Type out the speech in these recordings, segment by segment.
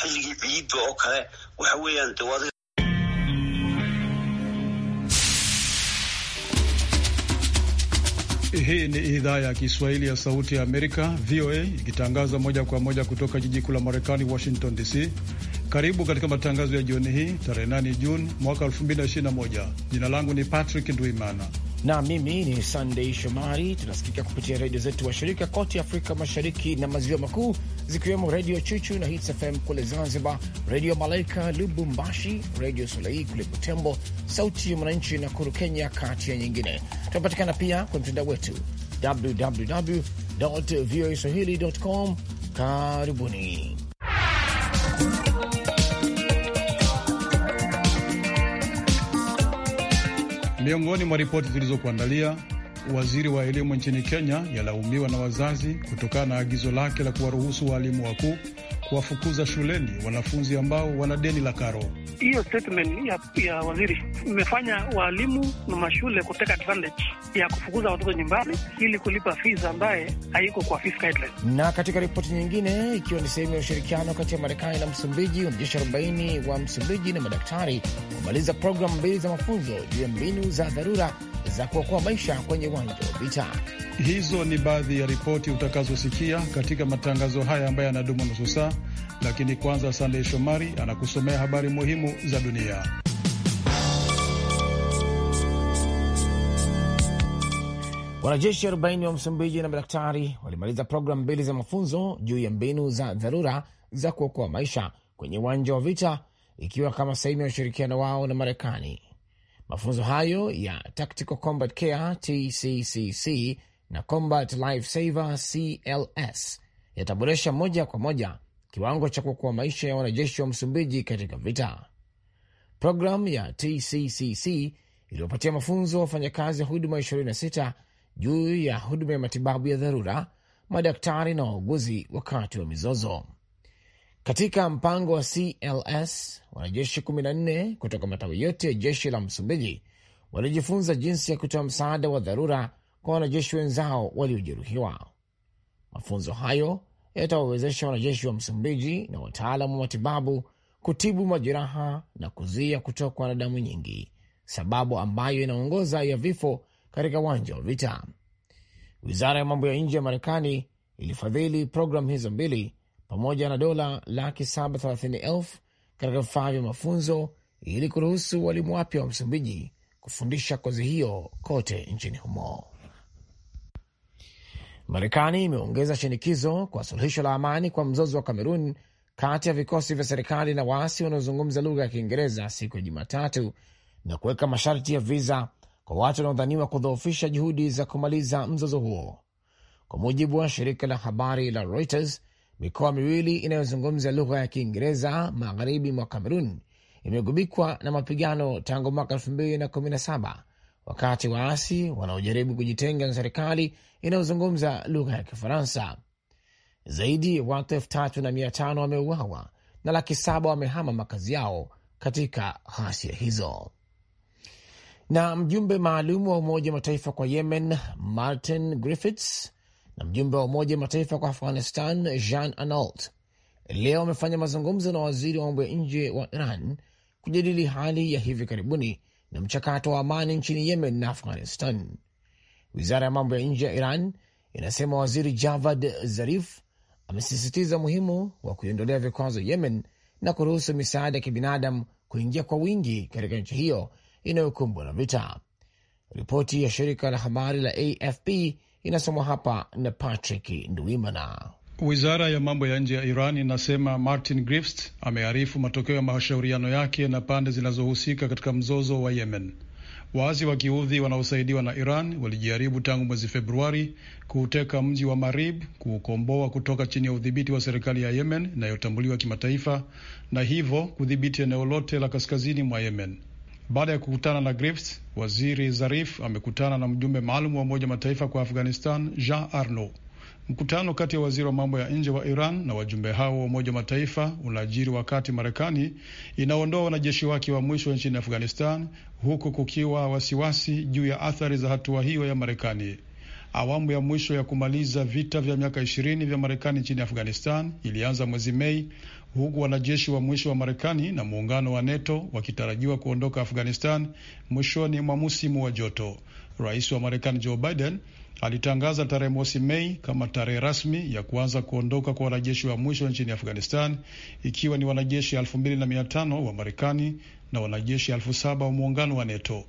xilligii ciidda oo kale waxa weeyaan dewada Hii ni idhaa ya Kiswahili ya Sauti ya Amerika, VOA, ikitangaza moja kwa moja kutoka jiji kuu la Marekani, Washington DC. Karibu katika matangazo ya jioni hii tarehe 8 Juni mwaka 2021. Jina langu ni Patrick Ndwimana na mimi ni Sandei Shomari. Tunasikika kupitia redio zetu wa shirika kote Afrika Mashariki na Maziwa Makuu zikiwemo Redio Chuchu na Hits FM kule Zanzibar, Redio Malaika Lubumbashi, Redio Solei kule Butembo, Sauti ya Mwananchi na Kuru Kenya, kati ya nyingine. Tunapatikana pia kwenye mtandao wetu www voa swahili com. Karibuni. Miongoni mwa ripoti zilizokuandalia waziri wa elimu nchini Kenya yalaumiwa na wazazi kutokana na agizo lake la kuwaruhusu waalimu wakuu kuwafukuza shuleni wanafunzi ambao wana deni la karo. Hiyo statement ya, ya waziri imefanya waalimu na mashule kuteka advantage ya kufukuza watoto nyumbani ili kulipa fees ambaye haiko kwa fees guideline. Na katika ripoti nyingine, ikiwa ni sehemu ya ushirikiano kati ya Marekani na Msumbiji, wanajeshi 40 wa Msumbiji na madaktari wamaliza programu mbili za mafunzo juu ya mbinu za dharura za kuokoa maisha kwenye uwanja wa vita. Hizo ni baadhi ya ripoti utakazosikia katika matangazo haya ambayo yanadumu nusu saa, lakini kwanza, Sandey Shomari anakusomea habari muhimu za dunia. Wanajeshi 40 wa Msumbiji na madaktari walimaliza programu mbili za mafunzo juu ya mbinu za dharura za kuokoa maisha kwenye uwanja wa vita, ikiwa kama sehemu ya ushirikiano wao na Marekani. Mafunzo hayo ya Tactical Combat Care TCCC na Combat Life Saver CLS yataboresha moja kwa moja kiwango cha kuokoa maisha ya wanajeshi wa Msumbiji katika vita. Programu ya TCCC iliyopatia mafunzo wafanyakazi wa huduma 26 juu ya huduma ya matibabu ya dharura, madaktari na wauguzi wakati wa mizozo. Katika mpango wa CLS, wanajeshi 14 kutoka matawi yote ya jeshi la Msumbiji walijifunza jinsi ya kutoa msaada wa dharura kwa wanajeshi wenzao waliojeruhiwa. Mafunzo hayo yatawawezesha wanajeshi wa Msumbiji na wataalam wa matibabu kutibu majeraha na kuzuia kutokwa na damu nyingi, sababu ambayo inaongoza ya vifo katika uwanja wa vita. Wizara ya mambo ya nje ya Marekani ilifadhili programu hizo mbili pamoja na dola laki saba thelathini elfu katika vifaa vya mafunzo ili kuruhusu walimu wapya wa Msumbiji kufundisha kozi hiyo kote nchini humo. Marekani imeongeza shinikizo kwa suluhisho la amani kwa mzozo wa Kamerun kati ya vikosi vya serikali na waasi wanaozungumza lugha ya Kiingereza siku ya Jumatatu na kuweka masharti ya viza kwa watu wanaodhaniwa kudhoofisha juhudi za kumaliza mzozo huo, kwa mujibu wa shirika la habari la Reuters. Mikoa miwili inayozungumza lugha ya Kiingereza magharibi mwa Kamerun imegubikwa na mapigano tangu mwaka elfu mbili na kumi na saba wakati waasi wanaojaribu kujitenga na serikali inayozungumza lugha ya Kifaransa. Zaidi ya watu elfu tatu na mia tano wameuawa na laki saba wamehama makazi yao katika ghasia hizo. Na mjumbe maalum wa Umoja wa Mataifa kwa Yemen Martin Griffiths na mjumbe wa Umoja Mataifa kwa Afghanistan Jean Analt leo amefanya mazungumzo na waziri wa mambo ya nje wa Iran kujadili hali ya hivi karibuni na mchakato wa amani nchini Yemen na Afghanistan. Wizara ya mambo ya nje ya Iran inasema waziri Javad Zarif amesisitiza umuhimu wa kuiondolea vikwazo Yemen na kuruhusu misaada ya kibinadamu kuingia kwa wingi katika nchi hiyo inayokumbwa na vita. Ripoti ya shirika la habari la AFP inasomwa hapa na Patrick Ndwimana. Wizara ya mambo ya nje ya Iran inasema Martin Griffiths amearifu matokeo ya mashauriano yake na pande zinazohusika katika mzozo wa Yemen. Waasi wa kiudhi wanaosaidiwa na Iran walijaribu tangu mwezi Februari kuuteka mji wa Marib, kuukomboa kutoka chini ya udhibiti wa serikali ya Yemen inayotambuliwa kimataifa na hivyo kudhibiti eneo lote la kaskazini mwa Yemen. Baada ya kukutana na Griffiths, waziri Zarif amekutana na mjumbe maalum wa Umoja Mataifa kwa Afghanistan Jean Arnaud. Mkutano kati ya waziri wa mambo ya nje wa Iran na wajumbe hao wa Umoja Mataifa unaajiri wakati Marekani inaondoa wanajeshi wake wa mwisho nchini Afghanistan, huku kukiwa wasiwasi juu ya athari za hatua hiyo ya Marekani. Awamu ya mwisho ya kumaliza vita vya miaka ishirini vya Marekani nchini Afghanistan ilianza mwezi Mei huku wanajeshi wa mwisho wa Marekani na muungano wa NATO wakitarajiwa kuondoka Afghanistan mwishoni mwa musimu wa joto. Rais wa Marekani Joe Biden alitangaza tarehe mosi Mei kama tarehe rasmi ya kuanza kuondoka kwa wanajeshi wa mwisho nchini Afghanistan, ikiwa ni wanajeshi elfu mbili na mia tano wa Marekani na wanajeshi elfu saba wa muungano wa NATO.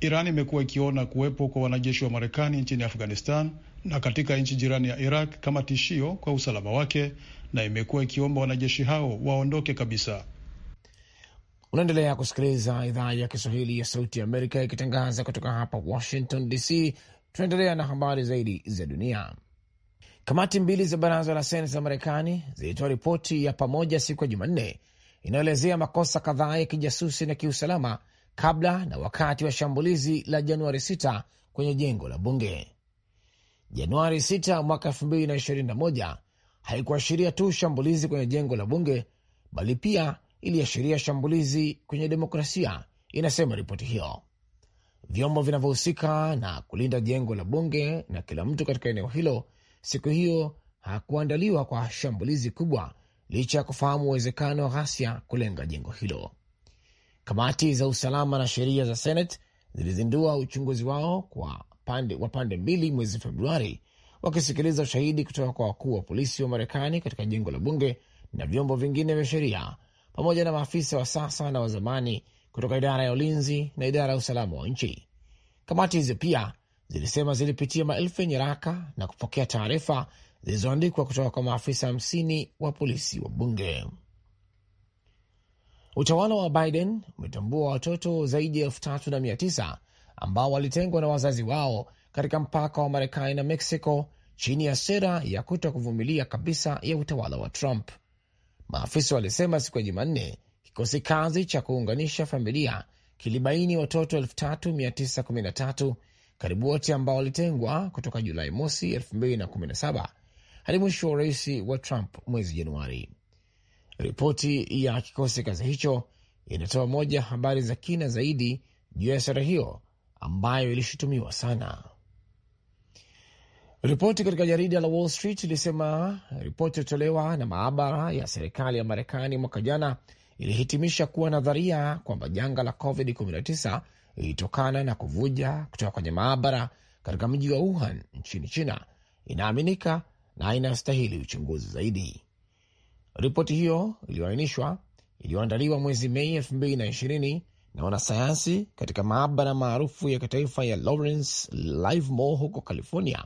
Iran imekuwa ikiona kuwepo kwa wanajeshi wa Marekani nchini Afghanistan na katika nchi jirani ya Iraq kama tishio kwa usalama wake, na imekuwa ikiomba wanajeshi hao waondoke kabisa. Unaendelea kusikiliza idhaa ya Kiswahili ya Sauti ya Amerika ikitangaza kutoka hapa Washington DC. Tunaendelea na habari zaidi za dunia. Kamati mbili za baraza la Seneti za Marekani zilitoa ripoti ya pamoja siku ya Jumanne inayoelezea makosa kadhaa ya kijasusi na kiusalama kabla na wakati wa shambulizi la Januari 6 kwenye jengo la bunge. Januari 6 mwaka 2021 haikuashiria tu shambulizi kwenye jengo la bunge, bali pia iliashiria shambulizi kwenye demokrasia, inasema ripoti hiyo. Vyombo vinavyohusika na kulinda jengo la bunge na kila mtu katika eneo hilo siku hiyo hakuandaliwa kwa shambulizi kubwa, licha ya kufahamu uwezekano wa ghasia kulenga jengo hilo. Kamati za usalama na sheria za Senate zilizindua uchunguzi wao kwa pande, wa pande mbili mwezi Februari wakisikiliza ushahidi kutoka kwa wakuu wa polisi wa Marekani katika jengo la bunge na vyombo vingine vya sheria pamoja na maafisa wa sasa na wa zamani kutoka idara ya ulinzi na idara ya usalama wa nchi. Kamati hizo pia zilisema zilipitia maelfu ya nyaraka na kupokea taarifa zilizoandikwa kutoka kwa maafisa hamsini wa polisi wa bunge. Utawala wa Biden umetambua watoto zaidi ya elfu tatu na mia tisa ambao walitengwa na wazazi wao katika mpaka wa Marekani na Mexico chini ya sera ya kuto kuvumilia kabisa ya utawala wa Trump. Maafisa walisema siku ya Jumanne kikosi kazi cha kuunganisha familia kilibaini watoto 3913 karibu wote ambao walitengwa kutoka Julai mosi 2017 hadi mwisho wa urais wa Trump mwezi Januari. Ripoti ya kikosi kazi hicho inatoa moja habari za kina zaidi juu ya sera hiyo ambayo ilishutumiwa sana. Ripoti katika jarida la Wall Street ilisema ripoti iliyotolewa na maabara ya serikali ya Marekani mwaka jana ilihitimisha kuwa nadharia kwamba janga la COVID-19 ilitokana na kuvuja kutoka kwenye maabara katika mji wa Wuhan nchini China inaaminika na inastahili uchunguzi zaidi. Ripoti hiyo iliyoainishwa iliyoandaliwa mwezi Mei 2020 na wanasayansi katika maabara maarufu ya kitaifa ya Lawrence Livermore huko California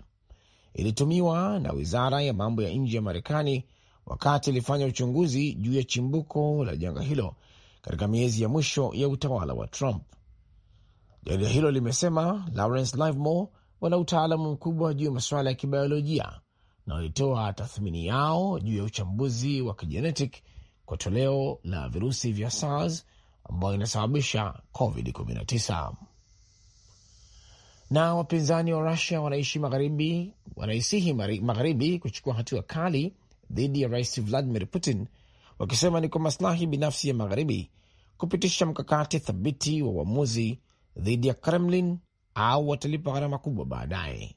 ilitumiwa na wizara ya mambo ya nje ya Marekani wakati ilifanya uchunguzi juu ya chimbuko la janga hilo katika miezi ya mwisho ya utawala wa Trump. Jarida hilo limesema Lawrence Livermore wana utaalamu mkubwa juu ya masuala ya kibiolojia na walitoa tathmini yao juu ya uchambuzi wa kijenetic kwa toleo la virusi vya SARS ambayo inasababisha COVID-19 na wapinzani wa Rusia wanaishi magharibi wanaisihi magharibi kuchukua hatua kali dhidi ya Rais Vladimir Putin, wakisema ni kwa masilahi binafsi ya magharibi kupitisha mkakati thabiti wa uamuzi dhidi ya Kremlin au watalipa gharama kubwa baadaye.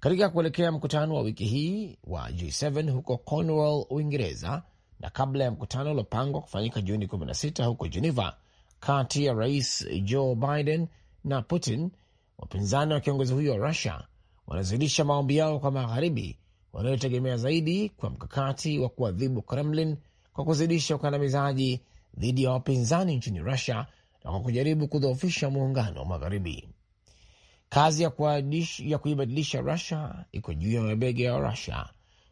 Katika kuelekea mkutano wa wiki hii wa G7 huko Cornwall, Uingereza, na kabla ya mkutano uliopangwa kufanyika Juni 16 huko Geneva kati ya Rais Joe Biden na Putin Wapinzani wa kiongozi huyo wa Rusia wanazidisha maombi yao kwa magharibi wanayotegemea zaidi kwa mkakati wa kuadhibu Kremlin kwa kuzidisha ukandamizaji dhidi ya wapinzani nchini Rusia na kwa kujaribu kudhoofisha muungano wa magharibi. Kazi ya kuibadilisha Rusia iko juu ya mabega ya Rusia,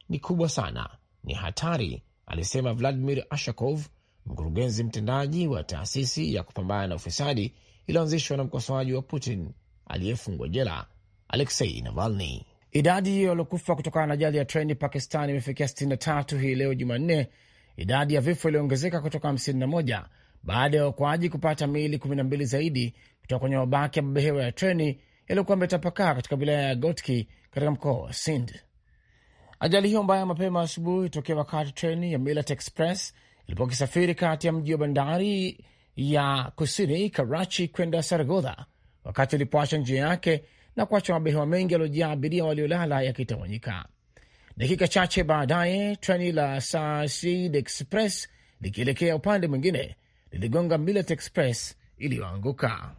ni kubwa sana, ni hatari, alisema Vladimir Ashakov, mkurugenzi mtendaji wa taasisi ya kupambana na ufisadi iliyoanzishwa na mkosoaji wa Putin aliyefungwa jela Aleksei Navalny. Idadi waliokufa kutokana na ajali ya treni Pakistan imefikia 63 hii leo Jumanne. Idadi ya vifo iliongezeka kutoka 51 baada ya waokoaji kupata miili 12 zaidi kutoka kwenye mabaki ya mabehewa ya treni yaliyokuwa ametapakaa katika wilaya ya Gotki katika mkoa wa Sind. Ajali hiyo mbaya mapema asubuhi tokea wakati treni ya Milat Express ilipokisafiri kati ya mji wa bandari ya kusini Karachi kwenda Saragodha wakati alipoacha njia yake na kuacha mabehewa mengi yaliojaa abiria waliolala yakitawanyika. Dakika chache baadaye treni la Saasid Express likielekea upande mwingine liligonga Millet Express iliyoanguka.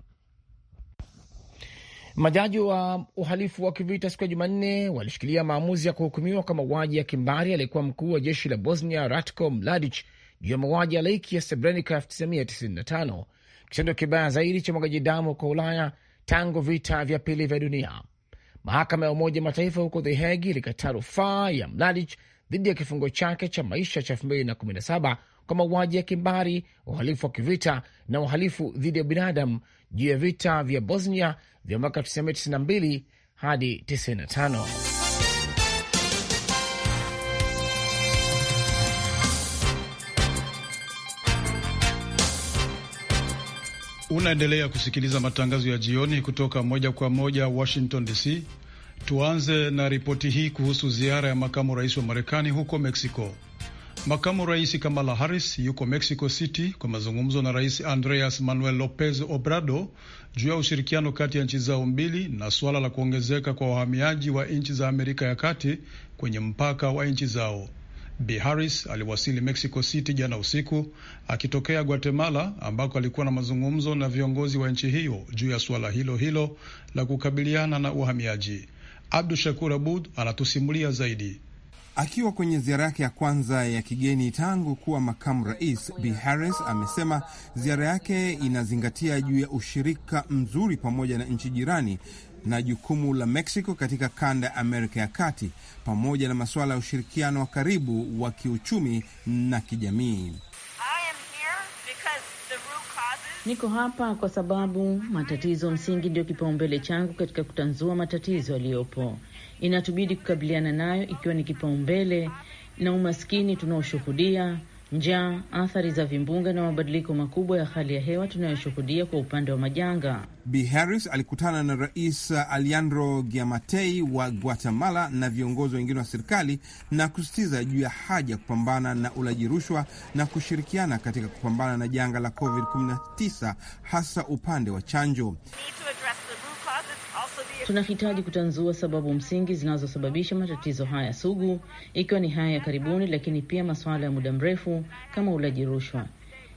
Majaji wa uhalifu wa kivita siku ya Jumanne walishikilia maamuzi ya kuhukumiwa kwa mauaji ya kimbari aliyekuwa mkuu wa jeshi la Bosnia Ratko Mladic juu ya mauaji ya laiki ya Srebrenica 1995 kitendo kibaya zaidi cha mwagaji damu kwa Ulaya tangu vita vya pili vya dunia. Mahakama ya Umoja Mataifa huko The Hague ilikataa rufaa ya Mladic dhidi ya kifungo chake cha maisha cha 2017 kwa mauaji ya kimbari, uhalifu wa kivita na uhalifu dhidi ya binadamu juu ya vita vya Bosnia vya mwaka 1992 hadi 95. Unaendelea kusikiliza matangazo ya jioni kutoka moja kwa moja Washington DC. Tuanze na ripoti hii kuhusu ziara ya makamu rais wa Marekani huko Mexico. Makamu rais Kamala Harris yuko Mexico City kwa mazungumzo na rais Andreas Manuel Lopez Obrador juu ya ushirikiano kati ya nchi zao mbili na suala la kuongezeka kwa wahamiaji wa nchi za Amerika ya Kati kwenye mpaka wa nchi zao. B. Harris aliwasili Mexico City jana usiku akitokea Guatemala ambako alikuwa na mazungumzo na viongozi wa nchi hiyo juu ya suala hilo hilo la kukabiliana na uhamiaji. Abdu Shakur Abud anatusimulia zaidi. Akiwa kwenye ziara yake ya kwanza ya kigeni tangu kuwa makamu rais, Bi Harris amesema ziara yake inazingatia juu ya ushirika mzuri pamoja na nchi jirani na jukumu la Mexico katika kanda ya Amerika ya Kati pamoja na masuala ya ushirikiano wa karibu wa kiuchumi na kijamii. Niko hapa kwa sababu matatizo msingi ndio kipaumbele changu katika kutanzua matatizo yaliyopo, inatubidi kukabiliana nayo ikiwa ni kipaumbele na umaskini tunaoshuhudia njaa, athari za vimbunga na mabadiliko makubwa ya hali ya hewa tunayoshuhudia kwa upande wa majanga. Bi Harris alikutana na Rais Alejandro Giamatei wa Guatemala na viongozi wengine wa serikali na kusisitiza juu ya haja ya kupambana na ulaji rushwa na kushirikiana katika kupambana na janga la COVID-19 hasa upande wa chanjo. Tunahitaji kutanzua sababu msingi zinazosababisha matatizo haya sugu, ikiwa ni haya ya karibuni, lakini pia masuala ya muda mrefu kama ulaji rushwa.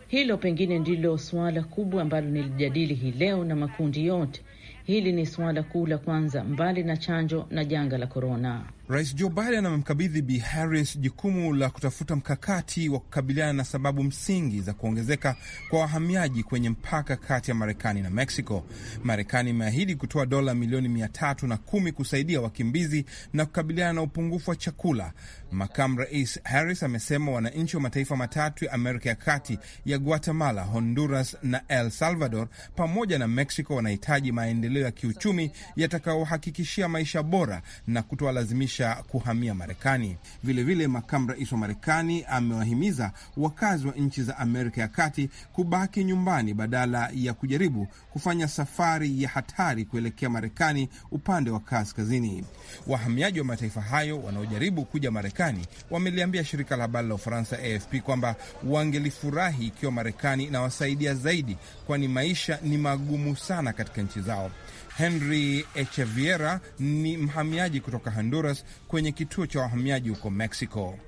Hilo pengine ndilo suala kubwa ambalo nilijadili hii leo na makundi yote. Hili ni suala kuu la kwanza, mbali na chanjo na janga la korona. Rais Joe Biden amemkabidhi Bi Harris jukumu la kutafuta mkakati wa kukabiliana na sababu msingi za kuongezeka kwa wahamiaji kwenye mpaka kati ya Marekani na mexico Marekani imeahidi kutoa dola milioni mia tatu na kumi kusaidia wakimbizi na kukabiliana na upungufu wa chakula. Makamu Rais Harris amesema wananchi wa mataifa matatu ya Amerika ya Kati ya Guatemala, Honduras na El Salvador pamoja na mexico wanahitaji maendeleo ya kiuchumi yatakaohakikishia maisha bora na kutoa lazimisha kisha kuhamia Marekani. Vilevile, makamu rais wa Marekani amewahimiza wakazi wa nchi za Amerika ya Kati kubaki nyumbani badala ya kujaribu kufanya safari ya hatari kuelekea Marekani upande wa kaskazini. Wahamiaji wa mataifa hayo wanaojaribu kuja Marekani wameliambia shirika la habari la Ufaransa AFP kwamba wangelifurahi ikiwa Marekani inawasaidia zaidi, kwani maisha ni magumu sana katika nchi zao. Henry Echeviera ni mhamiaji kutoka Honduras kwenye kituo cha wahamiaji huko Mexico.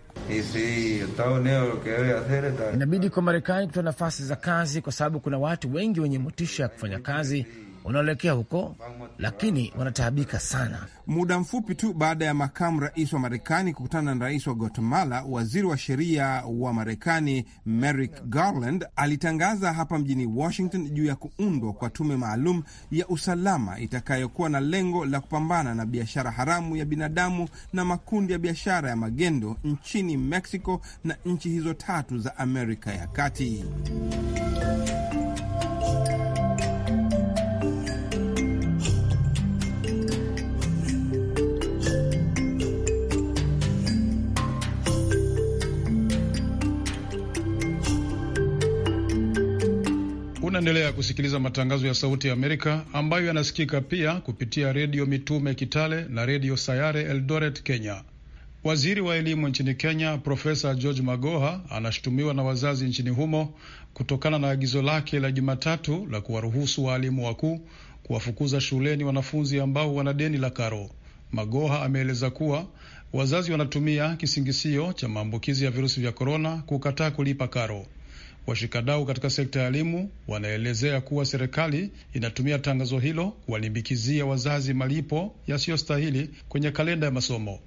Inabidi kwa Marekani kutoa nafasi za kazi, kwa sababu kuna watu wengi wenye motisha ya kufanya kazi wanaelekea huko, lakini wanataabika sana. Muda mfupi tu baada ya makamu rais wa Marekani kukutana na rais wa Guatemala, waziri wa sheria wa Marekani Merrick Garland alitangaza hapa mjini Washington juu ya kuundwa kwa tume maalum ya usalama itakayokuwa na lengo la kupambana na biashara haramu ya binadamu na makundi ya biashara ya magendo nchini Mexico na nchi hizo tatu za Amerika ya Kati. Unaendelea kusikiliza matangazo ya Sauti ya Amerika ambayo yanasikika pia kupitia Redio Mitume Kitale na Redio Sayare Eldoret, Kenya. Waziri wa elimu nchini Kenya Profesa George Magoha anashutumiwa na wazazi nchini humo kutokana na agizo lake la Jumatatu la kuwaruhusu waalimu wakuu kuwafukuza shuleni wanafunzi ambao wana deni la karo. Magoha ameeleza kuwa wazazi wanatumia kisingisio cha maambukizi ya virusi vya korona kukataa kulipa karo. Washikadau katika sekta ya elimu wanaelezea kuwa serikali inatumia tangazo hilo kuwalimbikizia wazazi malipo yasiyostahili kwenye kalenda ya masomo.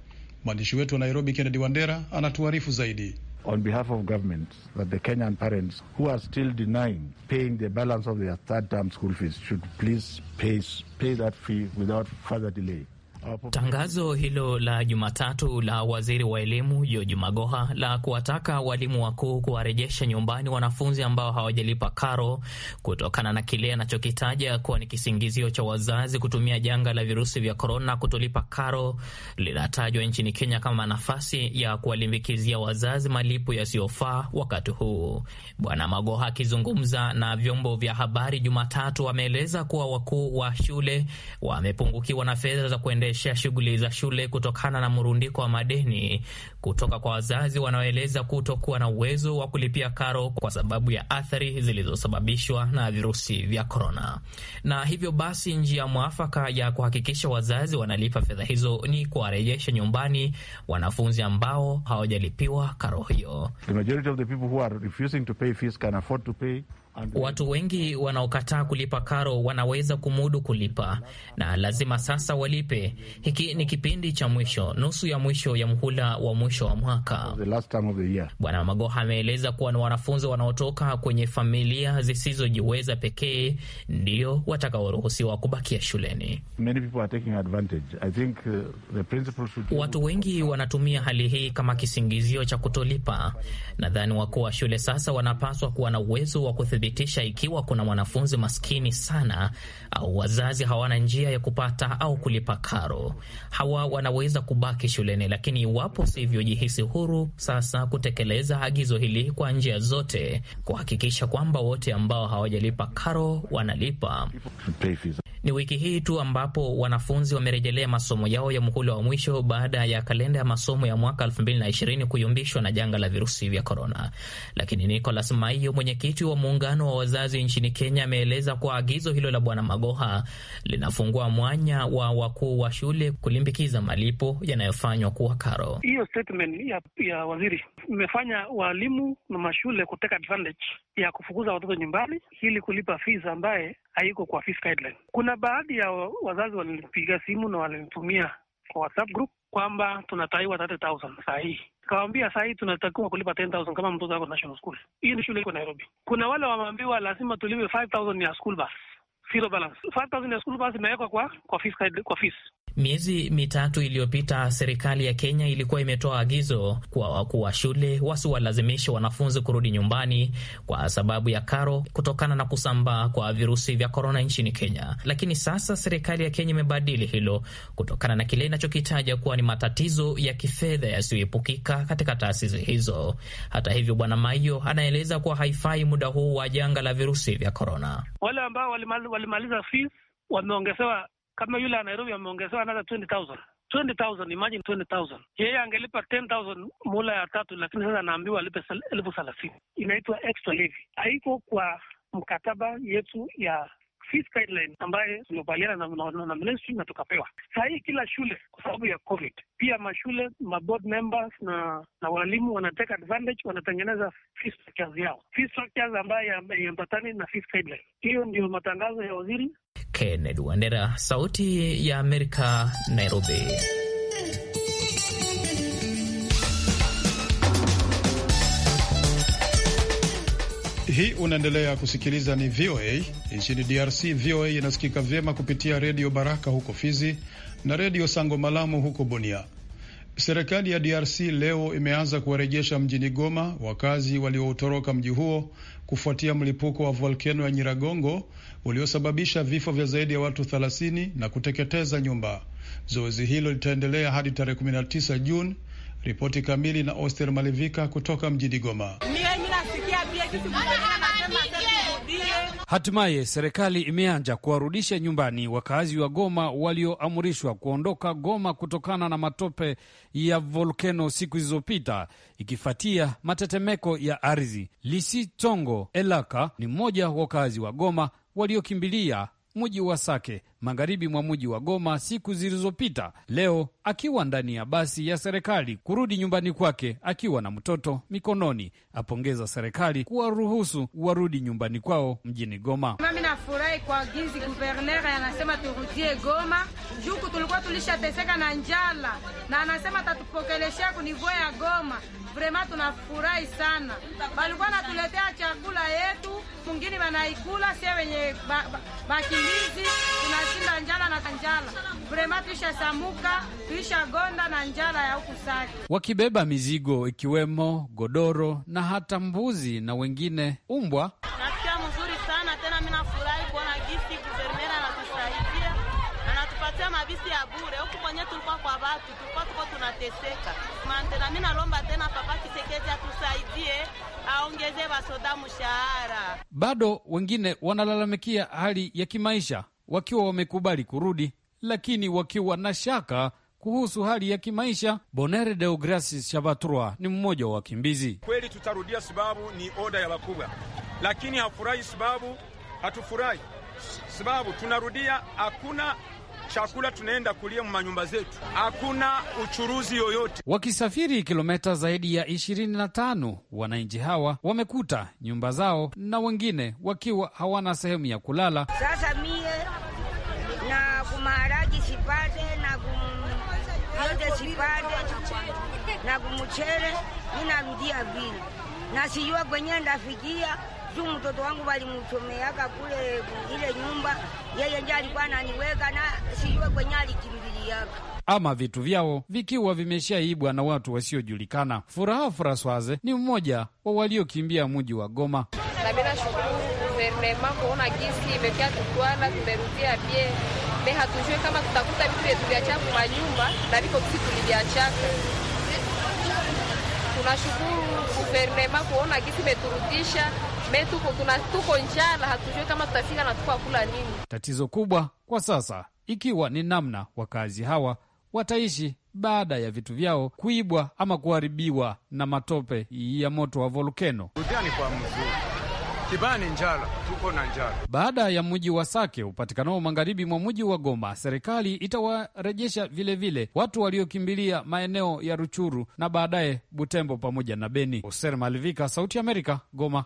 Mwandishi wetu wa Nairobi, Kennedy Wandera, anatuarifu zaidi. On behalf of government, that the Kenyan parents who are still denying paying the balance of their third term school fees should please pay, pay that fee without further delay. Tangazo hilo la Jumatatu la waziri wa elimu George Magoha la kuwataka walimu wakuu kuwarejesha nyumbani wanafunzi ambao hawajalipa karo kutokana na kile anachokitaja kuwa ni kisingizio cha wazazi kutumia janga la virusi vya korona kutolipa karo linatajwa nchini Kenya kama nafasi ya kuwalimbikizia wazazi malipo yasiyofaa wakati huu. Bwana Magoha akizungumza na vyombo vya habari Jumatatu ameeleza kuwa wakuu wa shule wamepungukiwa na fedha za kuendesha kuendesha shughuli za shule kutokana na mrundiko wa madeni kutoka kwa wazazi wanaoeleza kutokuwa na uwezo wa kulipia karo kwa sababu ya athari zilizosababishwa na virusi vya korona. Na hivyo basi, njia mwafaka ya kuhakikisha wazazi wanalipa fedha hizo ni kuwarejesha nyumbani wanafunzi ambao hawajalipiwa karo hiyo. The majority of the people who are refusing to pay fees can afford to pay Watu wengi wanaokataa kulipa karo wanaweza kumudu kulipa na lazima sasa walipe. Hiki ni kipindi cha mwisho, nusu ya mwisho ya mhula wa mwisho wa mwaka. Bwana Magoha ameeleza kuwa ni wanafunzi wanaotoka kwenye familia zisizojiweza pekee ndio watakaoruhusiwa kubakia shuleni. Uh, watu wengi wanatumia hali hii kama kisingizio cha kutolipa. Nadhani wakuu wa shule sasa wanapaswa kuwa na uwezo wa kuthibitisha ikiwa kuna mwanafunzi maskini sana au wazazi hawana njia ya kupata au kulipa karo. Hawa wanaweza kubaki shuleni, lakini iwapo sivyojihisi huru sasa kutekeleza agizo hili kwa njia zote, kuhakikisha kwamba wote ambao hawajalipa karo wanalipa. Ni wiki hii tu ambapo wanafunzi wamerejelea masomo yao ya muhula wa mwisho baada ya kalenda ya masomo ya mwaka 2020 kuyumbishwa na janga la virusi vya korona. Lakini Nicholas Maiyo, mwenyekiti wa muungano wa wazazi nchini Kenya, ameeleza kuwa agizo hilo la Bwana Magoha linafungua mwanya wa wakuu wa shule kulimbikiza malipo yanayofanywa kuwa karo. Hiyo statement ya, ya waziri imefanya walimu na mashule kuteka advantage ya kufukuza watoto nyumbani ili kulipa fees ambaye haiko kwa office guideline. Kuna baadhi ya wazazi walinipiga simu na walinitumia kwa WhatsApp group kwamba tunataiwa 30000 saa hii, kawaambia saa hii tunatakiwa kulipa 10000 kama mtoto wako national school. Hii ni shule iko Nairobi. Kuna wale wameambiwa lazima tulipe 5000 ya school bus, zero balance. 5000 ya school bus imewekwa kwa kwa fees, kwa fees Miezi mitatu iliyopita serikali ya Kenya ilikuwa imetoa agizo kwa wakuu wa shule wasiwalazimishe wanafunzi kurudi nyumbani kwa sababu ya karo kutokana na kusambaa kwa virusi vya korona nchini Kenya. Lakini sasa serikali ya Kenya imebadili hilo kutokana na kile inachokitaja kuwa ni matatizo ya kifedha yasiyoepukika katika taasisi hizo. Hata hivyo, Bwana Maiyo anaeleza kuwa haifai muda huu wa janga la virusi vya korona. Wale ambao walimaliza fees wameongezewa kama yule ya Nairobi ameongezewa another 20,000. 20,000, imagine 20,000. Yeye angelipa 10,000 mula ya tatu, lakini sasa anaambiwa alipe elfu thelathini. Inaitwa extra levy, haiko kwa mkataba yetu ya guideline ambaye tumekubaliana na, na, na, na ministry na tukapewa saa hii. Kila shule kwa sababu ya COVID pia mashule maboard members na na walimu wanateka advantage, wanatengeneza fee structures yao, fee structures ambayo yambatani na fee guideline. Hiyo ndio matangazo ya waziri Kennedy Wandera, Sauti ya Amerika, Nairobi. Hii unaendelea kusikiliza ni VOA. Nchini DRC, VOA inasikika vyema kupitia Redio Baraka huko Fizi na Redio Sango Malamu huko Bunia. Serikali ya DRC leo imeanza kuwarejesha mjini Goma wakazi walioutoroka mji huo kufuatia mlipuko wa volkeno ya Nyiragongo uliosababisha vifo vya zaidi ya watu 30 na kuteketeza nyumba. Zoezi hilo litaendelea hadi tarehe 19 Juni. Ripoti kamili na Oster Malivika kutoka mjini Goma. Hatimaye serikali imeanza kuwarudisha nyumbani wakazi wa Goma walioamrishwa kuondoka Goma kutokana na matope ya volkeno siku zilizopita ikifuatia matetemeko ya ardhi. Lisi Tongo Elaka ni mmoja wa wakazi wa Goma waliokimbilia mji wa Sake magharibi mwa mji wa Goma siku zilizopita, leo akiwa ndani ya basi ya serikali kurudi nyumbani kwake akiwa na mtoto mikononi, apongeza serikali kuwaruhusu warudi nyumbani kwao mjini Goma. Mimi nafurahi kwa ginzi guverner anasema turudie Goma juku tulikuwa tulishateseka na njala, na anasema atatupokeleshea kunivua ya Goma. Vrema tunafurahi sana, balikuwa natuletea chakula yetu, mungini wanaikula sie wenye bakimbizi ba, tunashinda njala na tanjala brema, tuisha gonda na njala ya huku Sake, wakibeba mizigo ikiwemo godoro na hata mbuzi na wengine umbwa. Nasikia mzuri sana tena, mimi nafurahi kuona gisi guvernera anatusaidia, anatupatia mabisi ya bure. Huku kwenye tulikuwa kwa watu tulikuwa tuko tunateseka mantena. Mimi nalomba tena Papa Kisekezi atusaidie aongeze basoda mshahara. Bado wengine wanalalamikia hali ya kimaisha wakiwa wamekubali kurudi, lakini wakiwa na shaka kuhusu hali ya kimaisha. Bonere Deograsis Shavatrua ni mmoja wa wakimbizi. Kweli tutarudia, sababu ni oda ya wakubwa, lakini hafurahi, sababu hatufurahi, sababu tunarudia, hakuna chakula tunaenda kulia manyumba zetu, hakuna uchuruzi yoyote. Wakisafiri kilometa zaidi ya 25, wananchi hawa wamekuta nyumba zao na wengine wakiwa hawana sehemu ya kulala. Sasa mie vyote sipande na kumuchere ninarudia vile na sijua kwenye ndafikia juu mtoto wangu walimuchomeaka kule ile nyumba, yeye ndiye alikuwa ananiweka na sijue kwenye alikimbiliaka ama vitu vyao vikiwa vimeshaibwa na watu wasiojulikana. Furaha Furaswaze ni mmoja wa waliokimbia muji wa Goma. Na mimi nashukuru guvernema kuona gisi imekia tukwana tumerudia bie be hatujue kama tutakuta vitu vyetu vya chafu kwa nyumba na viko vitu tulivyachaka. Tunashukuru guvernema kuona gisi meturudisha metuko tuko njala, hatujue kama tutafika na tuko kula nini. Tatizo kubwa kwa sasa ikiwa ni namna wakazi hawa wataishi baada ya vitu vyao kuibwa ama kuharibiwa na matope ya moto wa volkeno. Kibani njala, tuko na njala. Baada ya mji wa Sake upatikanao magharibi mwa mji wa Goma, serikali itawarejesha vilevile watu waliokimbilia maeneo ya Ruchuru na baadaye Butembo pamoja na Beni. Hoser Malivika, Sauti ya Amerika, Goma.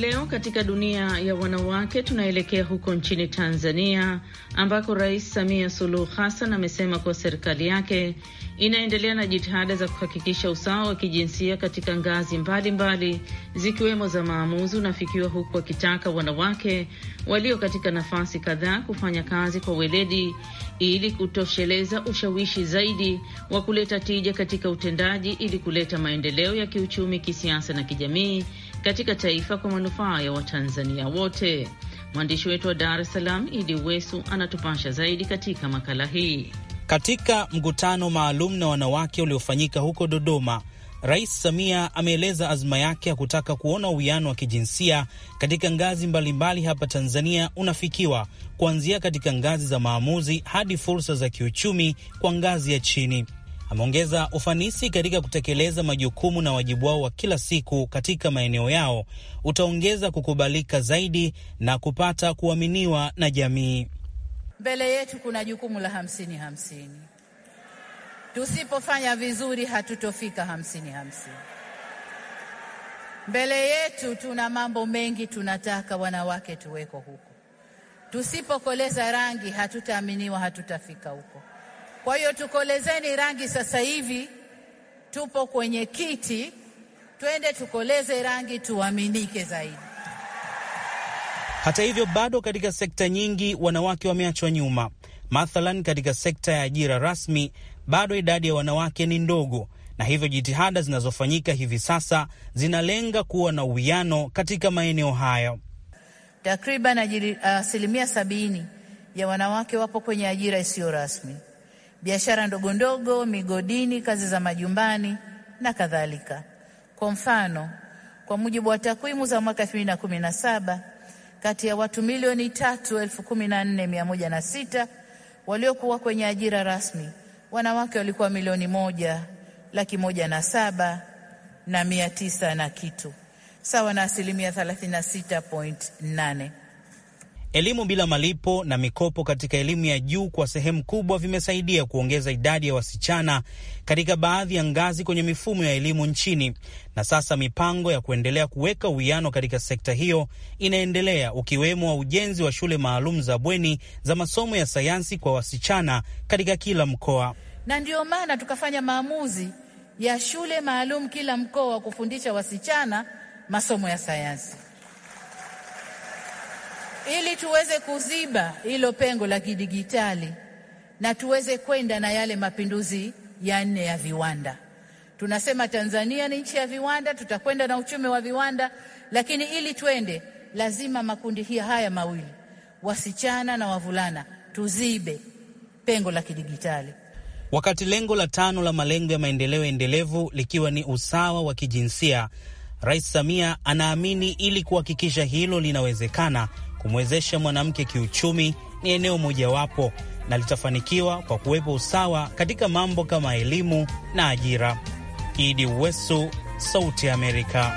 Leo katika dunia ya wanawake tunaelekea huko nchini Tanzania ambako Rais Samia Suluhu Hassan amesema kuwa serikali yake inaendelea na jitihada za kuhakikisha usawa wa kijinsia katika ngazi mbalimbali zikiwemo za maamuzi unafikiwa, huku wakitaka wanawake walio katika nafasi kadhaa kufanya kazi kwa weledi ili kutosheleza ushawishi zaidi wa kuleta tija katika utendaji ili kuleta maendeleo ya kiuchumi, kisiasa na kijamii katika taifa kwa manufaa ya Watanzania wote. Mwandishi wetu wa Dar es Salaam Idi Wesu anatupasha zaidi katika makala hii. Katika mkutano maalum na wanawake uliofanyika huko Dodoma, Rais Samia ameeleza azma yake ya kutaka kuona uwiano wa kijinsia katika ngazi mbalimbali hapa Tanzania unafikiwa kuanzia katika ngazi za maamuzi hadi fursa za kiuchumi kwa ngazi ya chini ameongeza ufanisi katika kutekeleza majukumu na wajibu wao wa kila siku katika maeneo yao utaongeza kukubalika zaidi na kupata kuaminiwa na jamii. Mbele yetu kuna jukumu la hamsini hamsini. Tusipofanya vizuri hatutofika hamsini hamsini. Mbele yetu tuna mambo mengi, tunataka wanawake tuweko huko. Tusipokoleza rangi hatutaaminiwa, hatutafika huko. Kwa hiyo tukolezeni rangi sasa hivi, tupo kwenye kiti, twende tukoleze rangi, tuaminike zaidi. Hata hivyo, bado katika sekta nyingi wanawake wameachwa nyuma. Mathalan, katika sekta ya ajira rasmi bado idadi ya wanawake ni ndogo, na hivyo jitihada zinazofanyika hivi sasa zinalenga kuwa na uwiano katika maeneo hayo. Takriban asilimia uh, sabini ya wanawake wapo kwenye ajira isiyo rasmi biashara ndogo ndogo, migodini, kazi za majumbani na kadhalika. Kwa mfano, kwa mujibu wa takwimu za mwaka 2017 kati ya watu milioni 3,14106 waliokuwa kwenye ajira rasmi, wanawake walikuwa milioni moja laki moja na saba na mia tisa na kitu, sawa na asilimia 36.8. Elimu bila malipo na mikopo katika elimu ya juu kwa sehemu kubwa vimesaidia kuongeza idadi ya wasichana katika baadhi ya ngazi kwenye mifumo ya elimu nchini, na sasa mipango ya kuendelea kuweka uwiano katika sekta hiyo inaendelea, ukiwemo wa ujenzi wa shule maalum za bweni za masomo ya sayansi kwa wasichana katika kila mkoa, na ndiyo maana tukafanya maamuzi ya shule maalum kila mkoa wa kufundisha wasichana masomo ya sayansi ili tuweze kuziba hilo pengo la kidigitali na tuweze kwenda na yale mapinduzi ya nne ya viwanda. Tunasema Tanzania ni nchi ya viwanda, tutakwenda na uchumi wa viwanda, lakini ili twende, lazima makundi hia haya mawili, wasichana na wavulana, tuzibe pengo la kidigitali. Wakati lengo la tano la malengo ya maendeleo endelevu likiwa ni usawa wa kijinsia, Rais Samia anaamini ili kuhakikisha hilo linawezekana kumwezesha mwanamke kiuchumi ni eneo mojawapo na litafanikiwa kwa kuwepo usawa katika mambo kama elimu na ajira. Idi Uwesu, Sauti Amerika.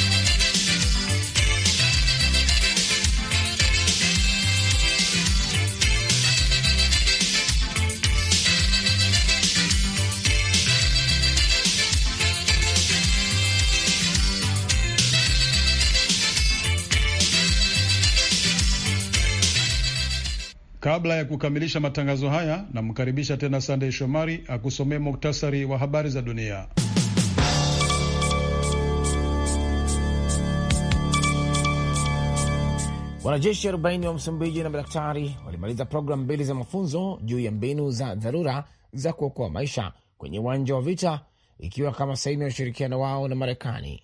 Kabla ya kukamilisha matangazo haya, namkaribisha tena Sandey Shomari akusomee muktasari wa habari za dunia. Wanajeshi 40 wa Msumbiji na madaktari walimaliza programu mbili za mafunzo juu ya mbinu za dharura za kuokoa maisha kwenye uwanja wa vita, ikiwa kama sehemu ya ushirikiano wao na Marekani.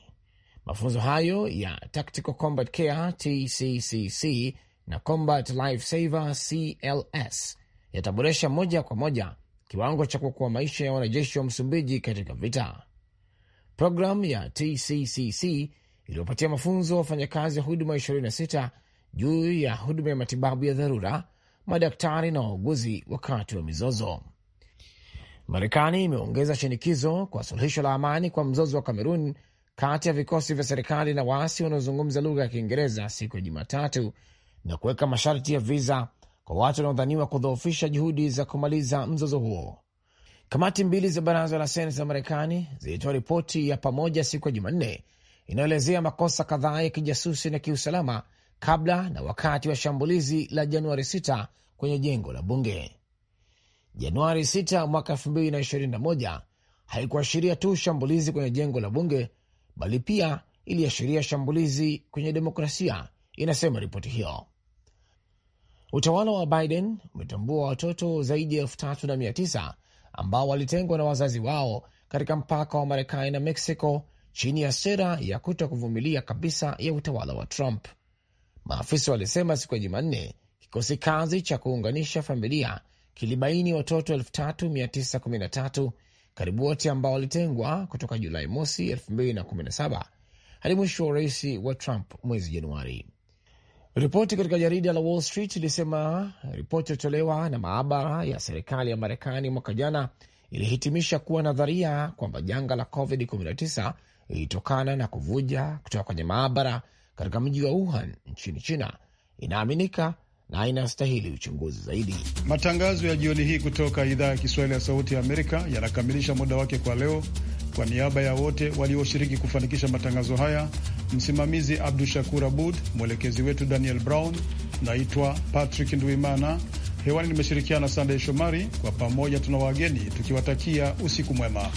Mafunzo hayo ya Tactical Combat Care TCCC na Combat Life Saver CLS yataboresha moja kwa moja kiwango cha kuokoa maisha ya wanajeshi wa Msumbiji katika vita. Programu ya TCCC iliyopatia mafunzo wa wafanyakazi wa huduma 26 juu ya huduma ya matibabu ya dharura, madaktari na wauguzi wakati wa mizozo. Marekani imeongeza shinikizo kwa suluhisho la amani kwa mzozo wa Kamerun kati ya vikosi vya serikali na waasi wanaozungumza lugha ya Kiingereza siku ya Jumatatu na kuweka masharti ya viza kwa watu wanaodhaniwa kudhoofisha juhudi za kumaliza mzozo huo. Kamati mbili za baraza la seneti za Marekani zilitoa ripoti ya pamoja siku ya Jumanne inayoelezea makosa kadhaa ya kijasusi na kiusalama kabla na wakati wa shambulizi la Januari 6 kwenye jengo la bunge. Januari 6 mwaka 2021 haikuashiria tu shambulizi kwenye jengo la bunge, bali pia iliashiria shambulizi kwenye demokrasia, inasema ripoti hiyo. Utawala wa Biden umetambua watoto zaidi ya elfu tatu na mia tisa ambao walitengwa na wazazi wao katika mpaka wa Marekani na Meksiko chini ya sera ya kuto kuvumilia kabisa ya utawala wa Trump. Maafisa walisema siku ya Jumanne kikosi kazi cha kuunganisha familia kilibaini watoto 3913 karibu wote ambao walitengwa kutoka Julai mosi 2017 hadi mwisho wa urais wa Trump mwezi Januari. Ripoti katika jarida la Wall Street ilisema ripoti iliyotolewa na maabara ya serikali ya Marekani mwaka jana ilihitimisha kuwa nadharia kwamba janga la COVID-19 ilitokana na kuvuja kutoka kwenye maabara katika mji wa Wuhan nchini China inaaminika na inastahili uchunguzi zaidi. Matangazo ya jioni hii kutoka idhaa ya Kiswahili ya Sauti ya Amerika yanakamilisha muda wake kwa leo. Kwa niaba ya wote walioshiriki kufanikisha matangazo haya, msimamizi Abdu Shakur Abud, mwelekezi wetu Daniel Brown, naitwa Patrick Nduimana. Hewani nimeshirikiana na Sandey Shomari. Kwa pamoja tuna wageni tukiwatakia usiku mwema.